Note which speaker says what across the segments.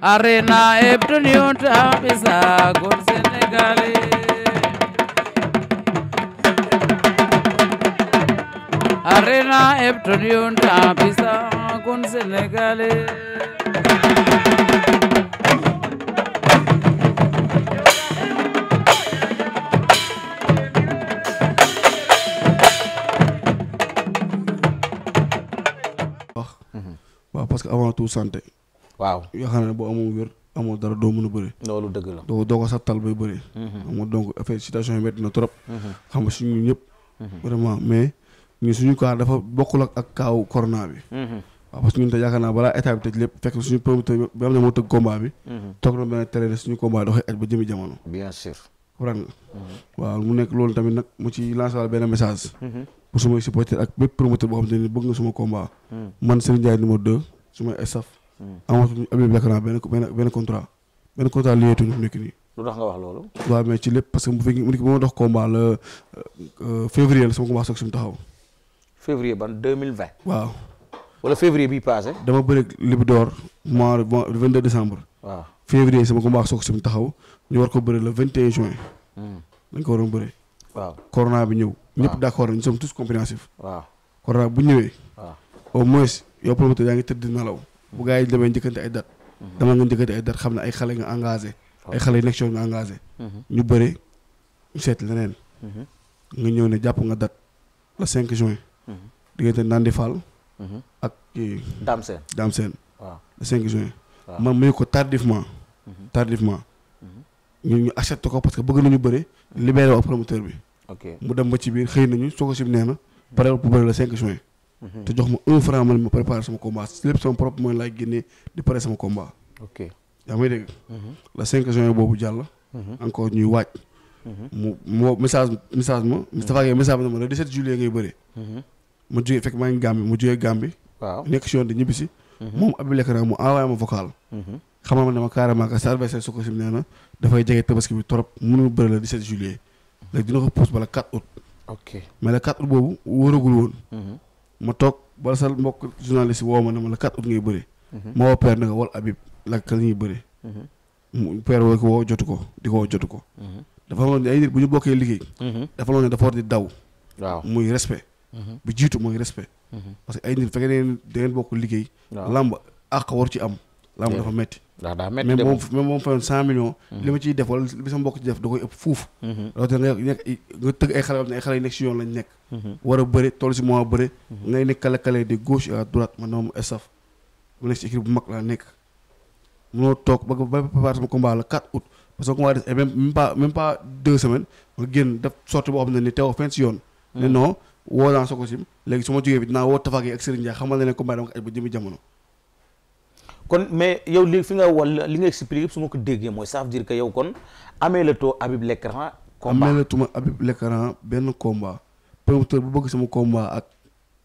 Speaker 1: arena hebtu niwut abisa gor Sénégalais arena
Speaker 2: waaw yaakaar ne boo amoo wér amoo dara doo mën a bëri loolu dëgg la doo doo ko sattal bay bëri xam mhm. nga donc affaire situation yi métti na trop mhm. xam nga suñu ñëpp mhm. vraiment mais ñun suñu cas dafa bokkul ak kaaw corona bi waaw parce que ñun te yaakaar naa balaa état bi tëj lépp fekk suñu promoteur bi nga xam ne moo tëgg mu nekk tamit nag mu ci lancé wàll benn message pour sumay supporter ak bépp promoteur boo xam ne bëgg nga suma combat man Serigne Ndiaye numéro 2 sumay staff amatuñu Habib Lac benn benn benn contrat benn contrat liyeetuñu fi nekk nii. lu tax nga wax loolu. waaw mais ci lépp parce que bu fekkee mu nekk ba ma dox combat la euh, février la sama commencé ak suñu taxaw.
Speaker 1: février ban deux mille vingt. waaw. wala février bii passé.
Speaker 2: dama bëri Libidor mois de mois vingt deux décembre. waaw février sama combat ak suñu taxaw ñu war ko bëri le vingt et hmm. dañ ko waroon bëri. waaw corona bi ñëw. ñëpp d' accord nous sommes tous compréhensifs. bu ñëwee. waaw au moins yow promoteur yaa ngi tëdd nalaw bu gars yi demee njëkkante ay date mhm. dama nga njëkkante ay date xam ne ay xale nga engagé ay xale yu nekk nga engagé mhm. ñu bëri ñu seet leneen mhm. nga ñëw ne jàpp nga date le 5 juin diggante Nandi Fall ak kii Dame Sène Dame Sène waaw le 5 juin man ko tardivement tardivement ñu ñu accepté ko parce que bëgg nañu bëri libéré waa promoteur bi ok mu dem ba ci biir xëy nañu soo ko sib nee na pare pour bëri le 5 juin Mm-hmm. te jox ma un franc man ma préparé sama combat lépp sama propre moyen laay génnee di pare sama combat. ok yaa may dégg. Mm-hmm. la 5 juin boobu jàll. Mm-hmm. encore ñuy waaj. mu moo message message ma. Moustapha Gueye message ma ne ma le 17 juillet ngay bëre. ma jógee fekk maa ngi Gambie mu jógee Gambie. waaw nekk si yoon di ñibbi si. moom Habib Lekra mu envoyé ma vocal. xamal ma ne ma carrément que sa adversaire su ko sim nee na dafay jege tabaski bi trop mënul bëre le 17 juillet léegi dina ko pousse ba le 4 août. ok mais le 4 août boobu wóoragul woon. ma toog bala sa mbokk journaliste woo ma ne ma la 4 août ngay bëri. Mhm. ma woo père ne ko wal Habib la ka ñuy bëri. Mhm. mu père woo jotu ko di ko woo jotu ko. Mhm. dafa am ay nit bu ñu bokkee liggéey. dafa am ne dafa war di daw. waaw muy respect. bu jiitu mooy respect. parce que ay nit fekkee ne da bokk liggéey. làmb àq war ci am. lamb dafa métti ndax daa métti mais moom mais moom fayoon cent millions mhm. li ma ciy def wala li sama mbokk ci def da koy ëpp fuuf mhm. loolu mhm. ngay nekk kale kale de gauche à droite man dama estaf mu nekk si équipe bu mag laa nekk munoo toog ba ba préparé sama combat la 4 août parce que combat des même pas pas deux semaines ma génn def sorti boo xam ne ni teewoo fenn si yoon ne non woo naa Sococim léegi su ma jógee bi dinaa
Speaker 1: woo Tafa ak Serigne Ndiaye xamal na ne combat jamono kon mais yow li fi nga wala li nga expliqué su ma ko déggee mooy ça veut dire yow kon ameelatoo Habib Lecran. combat
Speaker 2: ameelatuma Habib Lecran benn combat. promoteur bu bëgg sama combat ak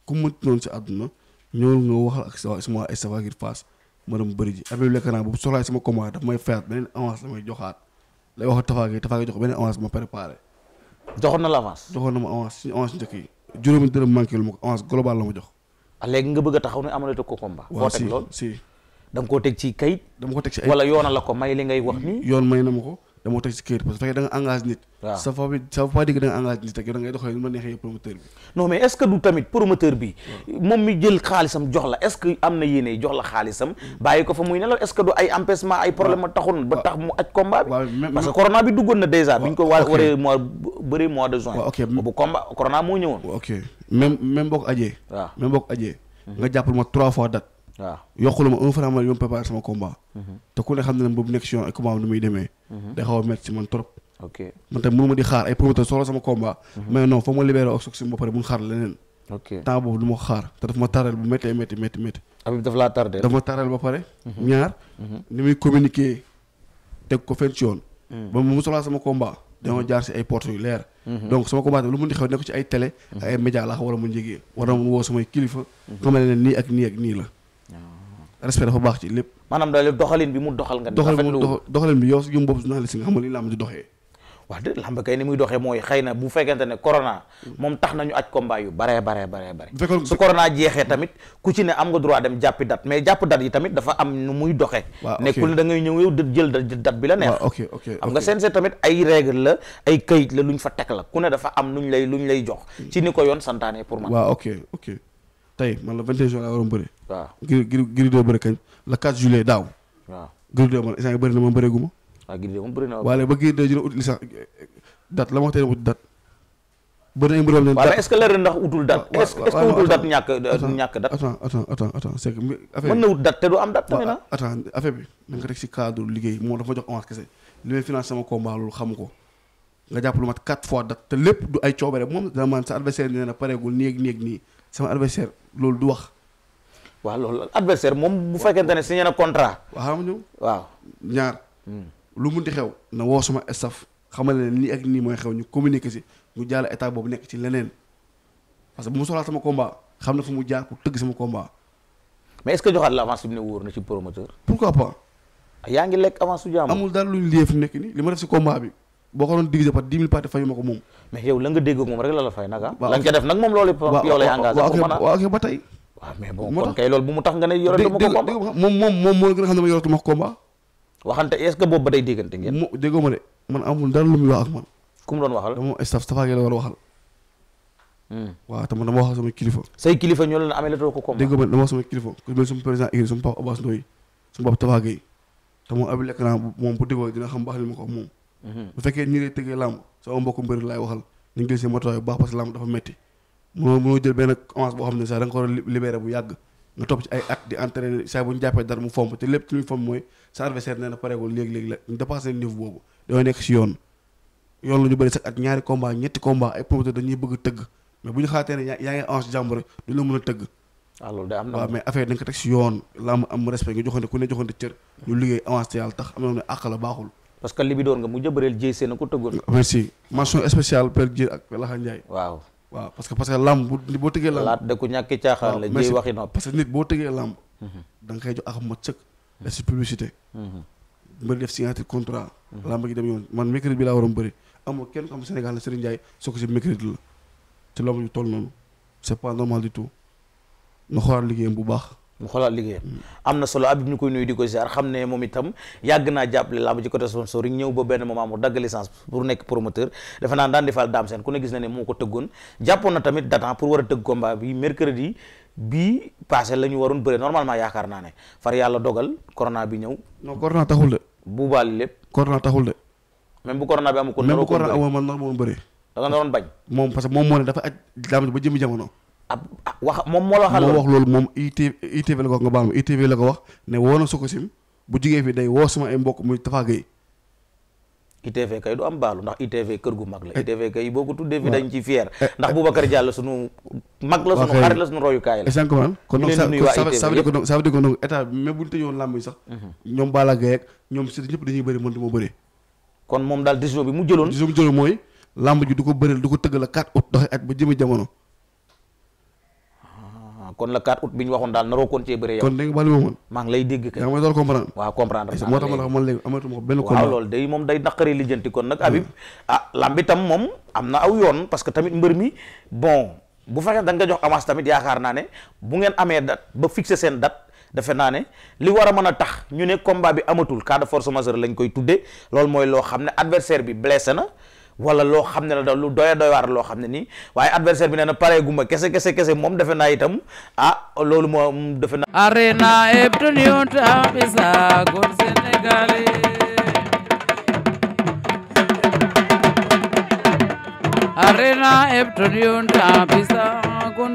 Speaker 2: ku mu mënti noonu si àdduna ñëw nga waxal ak sa sama staff ngir paas ma dem bëri ji Habib Lecran bu soxlaa sama combat daf may fayaat beneen avance la may joxaat lay wax Tapha Gueye Tapha Gueye jox beneen avance ma préparé. joxoon na la avance. joxoon na ma avance suñu avance njëkk yi juróomi dërëm manqué lu ma ko avance global la ma jox.
Speaker 1: Ah, nga bëgg a taxaw ne amalatu ko combat. boo teg loolu si. da nga koo teg ci kayit. dama ko
Speaker 2: teg ci ay wala yoona la
Speaker 1: ko may li ngay wax nii. yoon
Speaker 2: may na ma ko dama ko teg ci kayit parce que da nga engagé nit. sa foofu
Speaker 1: sa foofu da nga nit ak ngay doxalee nu neexee promoteur bi. jox la est-ce que am na yéene jox la xaalisam. ko fa muy nelaw est-ce que du ay empêchement ay problème taxul ba tax mu aj combat bi. parce que corona bi duggoon na déjà. bi ñu ko war waree mois de juin. bu combat corona moo ñëwoon. ok même même boo ko ajee. waaw
Speaker 2: même mhm. nga jàppal ma trois fois date waaw yokkul ma un ma yom préparé sama combat. Mhm. te ku ne xam ne boobu nekk si yoon muy demee. Mhm. day man trop. ok man ma di xaar ay promoteur soxla sama combat. Mhm. mais non foog ma libéré ak suuf si ba pare mun xaar ma xaar te daf ma tardel bu méttee métti métti métti. laa tardel daf ma ba pare. ñaar ni muy communiquer teg ko yoon. ba mu soxlaa sama combat. dañoo jaar si ay portes yu leer. donc sama combat lu mun di xew nekk ci ay télé. ay média laa wala mu njëgee war na mun woo samay nii ak nii ak nii la. respect dafa baax ci lépp.
Speaker 1: maanaam daal doxalin bi mu doxal nga. doxalin
Speaker 2: doxalin bi yow si jëm boobu journaliste si nga xam ne làmb di doxee.
Speaker 1: wax dëgg làmb kay ni muy doxee mooy xëy na bu fekkente ne corona moom tax nañu aj combat yu baree baree baree bare su corona jeexee tamit ku ci ne am nga droit dem jàppi dat mais jàpp date yi tamit dafa am nu muy doxee nekkul da ngay ñëw yow jël dat bi la neex ok ok am nga seen tamit ay règle la ay këyit la lu ñu fa teg la ku ne dafa am lu ñu lay lu ñu lay jox hmm. ci ni ko yoon santaane pour man waaw
Speaker 2: ok tey man la 21 juin laa waroon bëri. waaw Gris Gris Gris 2 bëri kañ la 4 juillet daaw. waaw Gris 2 man instant yii bëri na ma bëreegu ma. ba Gris 2 dina ut licence date la ma wax ut date. bëri na mbir am
Speaker 1: ce ndax utul date. est-ce que ñàkk euh, ñàkk date. attends
Speaker 2: attends attends attends c'est que bi na ut date te du
Speaker 1: am date tamit na.
Speaker 2: attends affaire bi teg si cadre liggéey moom dafa ma jox avance kese li may financé sama combat loolu ko. nga jàpp lu mat quatre fois date te lépp du ay coobare moom dana man sa adversaire nee na pareegul néeg néeg nii sama adversaire loolu du wax.
Speaker 1: waaw loolu adversaire moom bu fekkente ne signé na contrat. waaw xam
Speaker 2: waaw ñaar. Hmm. lu munti xew na woo sama staff xamal ne nii ak nii mooy xew ñu communiquer si mu jàll état boobu nekk ci leneen parce que bu mu soxlaa sama combat xam na fu mu jaar pour tëgg sama combat.
Speaker 1: mais est joxaat la avance bi ne wóor na ci promoteur.
Speaker 2: pourquoi pas. yaa ngi lekk avance su jàmm. amul dara ñu liye fi nekk nii li ma def si combat bi. boo ko doon diviser par dix mille parties fayu ma
Speaker 1: ko moom mais yow la nga moom rek la la fay nag moom loolu yow lay engagé waaw ok ba tey waaw moom moom
Speaker 2: moom moo gën a xam ne ngeen mu wax ak man ku hmm. kilifa
Speaker 1: say kilifa ñoo leen amelatoo ko combat déggoo
Speaker 2: ma moom abi lekk naa moom bu déggoo dina xam baax li ma ko moom Mm-hmm. bu fekkee nii lay tëggee làmb sama mbokku mbër laay waxal nañ jël seen matuwaay bu baax parce que làmb dafa metti mënoo mënoo jël benn avance boo xam ne sax da nga ko war a libéré bu yàgg nga topp ci saa bu ñu jàppee lépp ci lu ñu fomp mooy sa adversaire nee yoon yoon ñu bëri sax at ñaari combat ñetti combat ay promoteur dañuy bëgg tëgg mais bu ñu xaatee ne yaa ngi avance jàmbur du la mën a tëgg
Speaker 1: ah, waaw loolu
Speaker 2: mais affaire dañ teg si yoon làmb am respect nga joxante ku ne joxante cër ñu liggéey avance te yàlla tax am na ne àq la baaxul
Speaker 1: parce que libidoor nga mu jëbëreel jéy seen ko tëggoon. merci
Speaker 2: mention spéciale Père Dieng ak
Speaker 1: Laxa waaw waaw parce que la jéy waxi nopp parce que nit
Speaker 2: boo tëggee lamb. Mhm. da nga koy jox ak mot sëkk. Mhm. et si publicité. Mhm. mbëri def signature contrat. lamb gi dem yoon man mercredi bi laa waroon bëri amul kenn am Sénégal la Serigne Ndiaye soo ko si mercredi la te lamb ñu toll noonu c'est pas normal du tout nga xoolaat liggéeyam bu baax.
Speaker 1: mu xoolaat liggéeyam mm. am na solo Habib ñu koy nuyu di ko ziar xam ne moom itam yàgg naa jàppale lamb ci côté sponsoring ñëw ba benn moment mu dagg licence pour nekk promoteur dafa naan daan defal daam seen ku ne gis na ne moo ko tëggoon jàppoon na tamit datan pour war a tëgg combat bi mercredi bii passé la ñu waroon bëre normalement yaakaar naa ne far yàlla dogal corona bi ñëw
Speaker 2: non corona taxul la
Speaker 1: bu baal lépp corona taxul la même bu corona bi amu ko n bu corona amoon
Speaker 2: man normal woon bëre da nga naroon bañ moom moo ne ab wax moom moo la waxal moo wax loolu moom ITV la ko wax nga baal ma ITV la ko wax ne woo na Sococim bu jigee fi day woo sama ay mbokk muy Tafa Gueye
Speaker 1: ITV kay du am baalu ndax ITV kër gu mag la eh. ITV kay boo ko tuddee fi dañ ci fier eh, ndax eh. Boubacar Diallo sunu mag la sunu xarit la sunu royukaay la exactement kon donc ça veut dire que donc ça
Speaker 2: veut dire làmb yi sax mhm. ñoom Balla Gaye ak ñoom si dañuy bëri mën du ma bëri kon moom daal décision bi mu jëloon décision bi mu jëloon mooy làmb ji du ko bëri du ko tëgg la 4 août doxe at ba jëmi jamono
Speaker 1: kon la 4 août bi ñu waxoon daal naroo kon cee bëree yow kon dégg nga bàyyi ma woon ngi lay
Speaker 2: dégg kay yaa may door comprendre
Speaker 1: waaw comprendre moo tax ma la
Speaker 2: man léegi amatuma benn kon waaw loolu
Speaker 1: day moom day naqari lijjanti kon nag hmm. Habib ah lamb itam moom am na aw yoon parce que tamit mbër mi bon bu fekkee da nga jox avance tamit yaakaar naa ne bu ngeen amee date ba fixé seen dat defe naa ne li war a mën a tax ñu ne combat bi amatul cas de force majeure lañ koy tuddee loolu mooy loo xam ne adversaire bi blessé na wala loo xam ne la da lu doy doy loo xam ne nii waaye adversaire bi nee na pare gumba kese kese kese moom defe naa itam ah loolu moom defe naa arena ebtonion tambisa gon sénégalais arena ebtonion tambisa gon